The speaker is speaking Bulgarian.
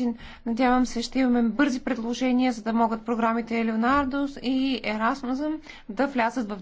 начин. Надявам се, ще имаме бързи предложения, за да могат програмите Леонардос и Ерасмазъм да влязат в